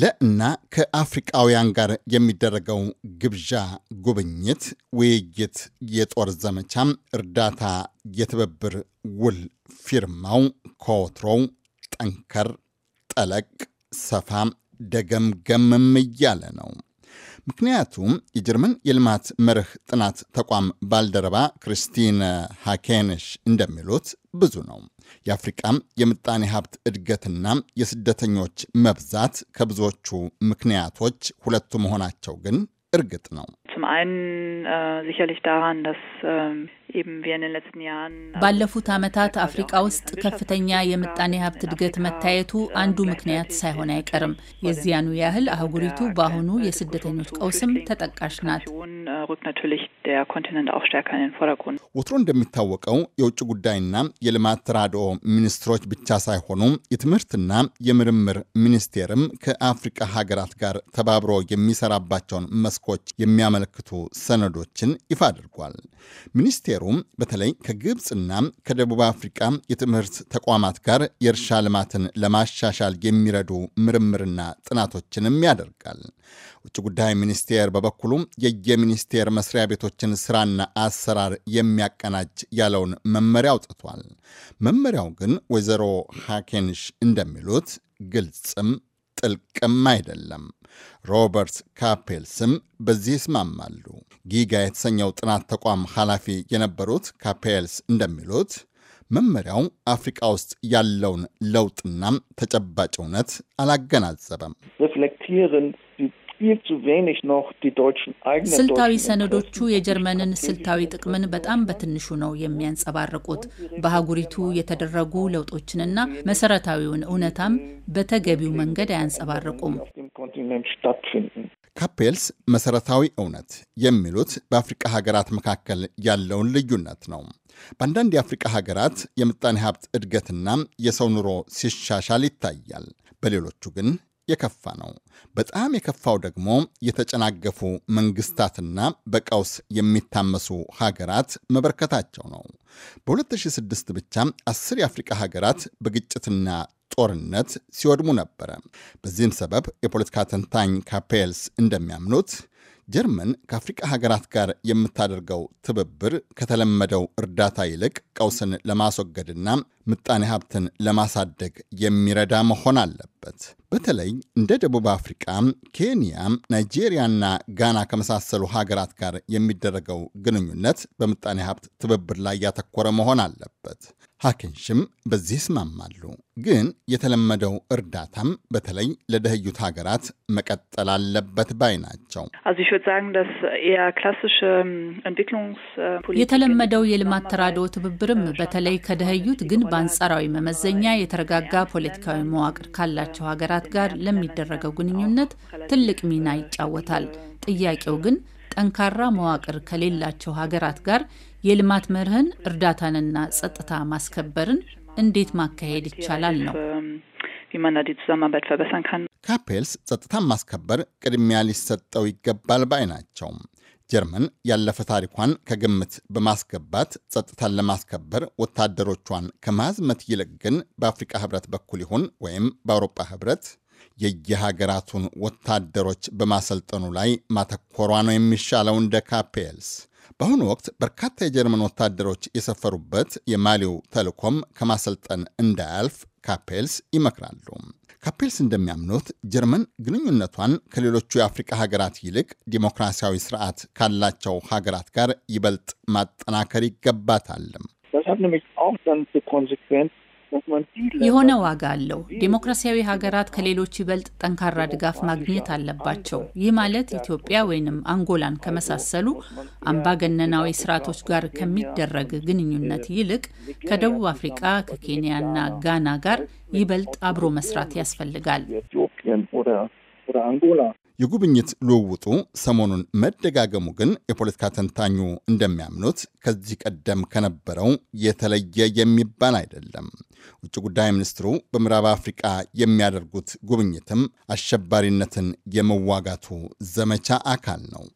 ለእና ከአፍሪቃውያን ጋር የሚደረገው ግብዣ፣ ጉብኝት፣ ውይይት፣ የጦር ዘመቻም፣ እርዳታ፣ የትብብር ውል ፊርማው ከወትሮው ጠንከር ጠለቅ ሰፋ ደገምገምም እያለ ነው። ምክንያቱም የጀርመን የልማት መርህ ጥናት ተቋም ባልደረባ ክርስቲን ሃኬንሽ እንደሚሉት ብዙ ነው። የአፍሪቃም የምጣኔ ሀብት እድገትና የስደተኞች መብዛት ከብዙዎቹ ምክንያቶች ሁለቱ መሆናቸው ግን እርግጥ ነው። äh, ባለፉት ዓመታት አፍሪቃ ውስጥ ከፍተኛ የምጣኔ ሀብት እድገት መታየቱ አንዱ ምክንያት ሳይሆን አይቀርም። የዚያኑ ያህል አህጉሪቱ በአሁኑ የስደተኞች ቀውስም ተጠቃሽ ናት። ወትሮ እንደሚታወቀው የውጭ ጉዳይና የልማት ተራድኦ ሚኒስትሮች ብቻ ሳይሆኑ የትምህርትና የምርምር ሚኒስቴርም ከአፍሪቃ ሀገራት ጋር ተባብሮ የሚሰራባቸውን መስኮች የሚያመለክቱ ሰነዶችን ይፋ አድርጓል። ሚኒስቴር ሚኒስቴሩ በተለይ ከግብፅና ከደቡብ አፍሪቃ የትምህርት ተቋማት ጋር የእርሻ ልማትን ለማሻሻል የሚረዱ ምርምርና ጥናቶችንም ያደርጋል። ውጭ ጉዳይ ሚኒስቴር በበኩሉ የየሚኒስቴር መስሪያ ቤቶችን ስራና አሰራር የሚያቀናጅ ያለውን መመሪያ አውጥቷል። መመሪያው ግን ወይዘሮ ሃኬንሽ እንደሚሉት ግልጽም ጥልቅም አይደለም። ሮበርት ካፔል ስም በዚህ ይስማማሉ። ጊጋ የተሰኘው ጥናት ተቋም ኃላፊ የነበሩት ካፔልስ እንደሚሉት መመሪያው አፍሪቃ ውስጥ ያለውን ለውጥና ተጨባጭ እውነት አላገናዘበም። ስልታዊ ሰነዶቹ የጀርመንን ስልታዊ ጥቅምን በጣም በትንሹ ነው የሚያንጸባርቁት። በአህጉሪቱ የተደረጉ ለውጦችንና መሰረታዊውን እውነታም በተገቢው መንገድ አያንጸባርቁም። ካፔልስ መሰረታዊ እውነት የሚሉት በአፍሪቃ ሀገራት መካከል ያለውን ልዩነት ነው። በአንዳንድ የአፍሪቃ ሀገራት የምጣኔ ሀብት እድገትና የሰው ኑሮ ሲሻሻል ይታያል፣ በሌሎቹ ግን የከፋ ነው። በጣም የከፋው ደግሞ የተጨናገፉ መንግስታትና በቀውስ የሚታመሱ ሀገራት መበርከታቸው ነው። በ2006 ብቻ አስር የአፍሪቃ ሀገራት በግጭትና ጦርነት ሲወድሙ ነበረ። በዚህም ሰበብ የፖለቲካ ተንታኝ ካፔልስ እንደሚያምኑት ጀርመን ከአፍሪቃ ሀገራት ጋር የምታደርገው ትብብር ከተለመደው እርዳታ ይልቅ ቀውስን ለማስወገድና ምጣኔ ሀብትን ለማሳደግ የሚረዳ መሆን አለበት። በተለይ እንደ ደቡብ አፍሪቃ፣ ኬንያ፣ ናይጄሪያና ጋና ከመሳሰሉ ሀገራት ጋር የሚደረገው ግንኙነት በምጣኔ ሀብት ትብብር ላይ ያተኮረ መሆን አለበት። ሐኪንሽም በዚህ ይስማማሉ። ግን የተለመደው እርዳታም በተለይ ለደህዩት ሀገራት መቀጠል አለበት ባይ ናቸው። ähm, äh, የተለመደው የልማት ተራድኦ ትብብርም በተለይ ከደህዩት ግን በአንጻራዊ መመዘኛ የተረጋጋ ፖለቲካዊ መዋቅር ካላቸው ሀገራት ጋር ለሚደረገው ግንኙነት ትልቅ ሚና ይጫወታል። ጥያቄው ግን ጠንካራ መዋቅር ከሌላቸው ሀገራት ጋር የልማት መርህን እርዳታንና ጸጥታ ማስከበርን እንዴት ማካሄድ ይቻላል ነው። ካፔልስ ጸጥታን ማስከበር ቅድሚያ ሊሰጠው ይገባል ባይ ናቸው። ጀርመን ያለፈ ታሪኳን ከግምት በማስገባት ጸጥታን ለማስከበር ወታደሮቿን ከማዝመት ይልቅ ግን በአፍሪቃ ህብረት በኩል ይሁን ወይም በአውሮፓ ህብረት የየሀገራቱን ወታደሮች በማሰልጠኑ ላይ ማተኮሯ ነው የሚሻለው እንደ ካፔልስ። በአሁኑ ወቅት በርካታ የጀርመን ወታደሮች የሰፈሩበት የማሊው ተልኮም ከማሰልጠን እንዳያልፍ ካፔልስ ይመክራሉ። ካፔልስ እንደሚያምኑት ጀርመን ግንኙነቷን ከሌሎቹ የአፍሪቃ ሀገራት ይልቅ ዲሞክራሲያዊ ስርዓት ካላቸው ሀገራት ጋር ይበልጥ ማጠናከር ይገባታል። የሆነ ዋጋ አለው። ዴሞክራሲያዊ ሀገራት ከሌሎች ይበልጥ ጠንካራ ድጋፍ ማግኘት አለባቸው። ይህ ማለት ኢትዮጵያ ወይንም አንጎላን ከመሳሰሉ አምባገነናዊ ስርዓቶች ጋር ከሚደረግ ግንኙነት ይልቅ ከደቡብ አፍሪቃ ከኬንያና ጋና ጋር ይበልጥ አብሮ መስራት ያስፈልጋል። የጉብኝት ልውውጡ ሰሞኑን መደጋገሙ ግን የፖለቲካ ተንታኙ እንደሚያምኑት ከዚህ ቀደም ከነበረው የተለየ የሚባል አይደለም። ውጭ ጉዳይ ሚኒስትሩ በምዕራብ አፍሪቃ የሚያደርጉት ጉብኝትም አሸባሪነትን የመዋጋቱ ዘመቻ አካል ነው።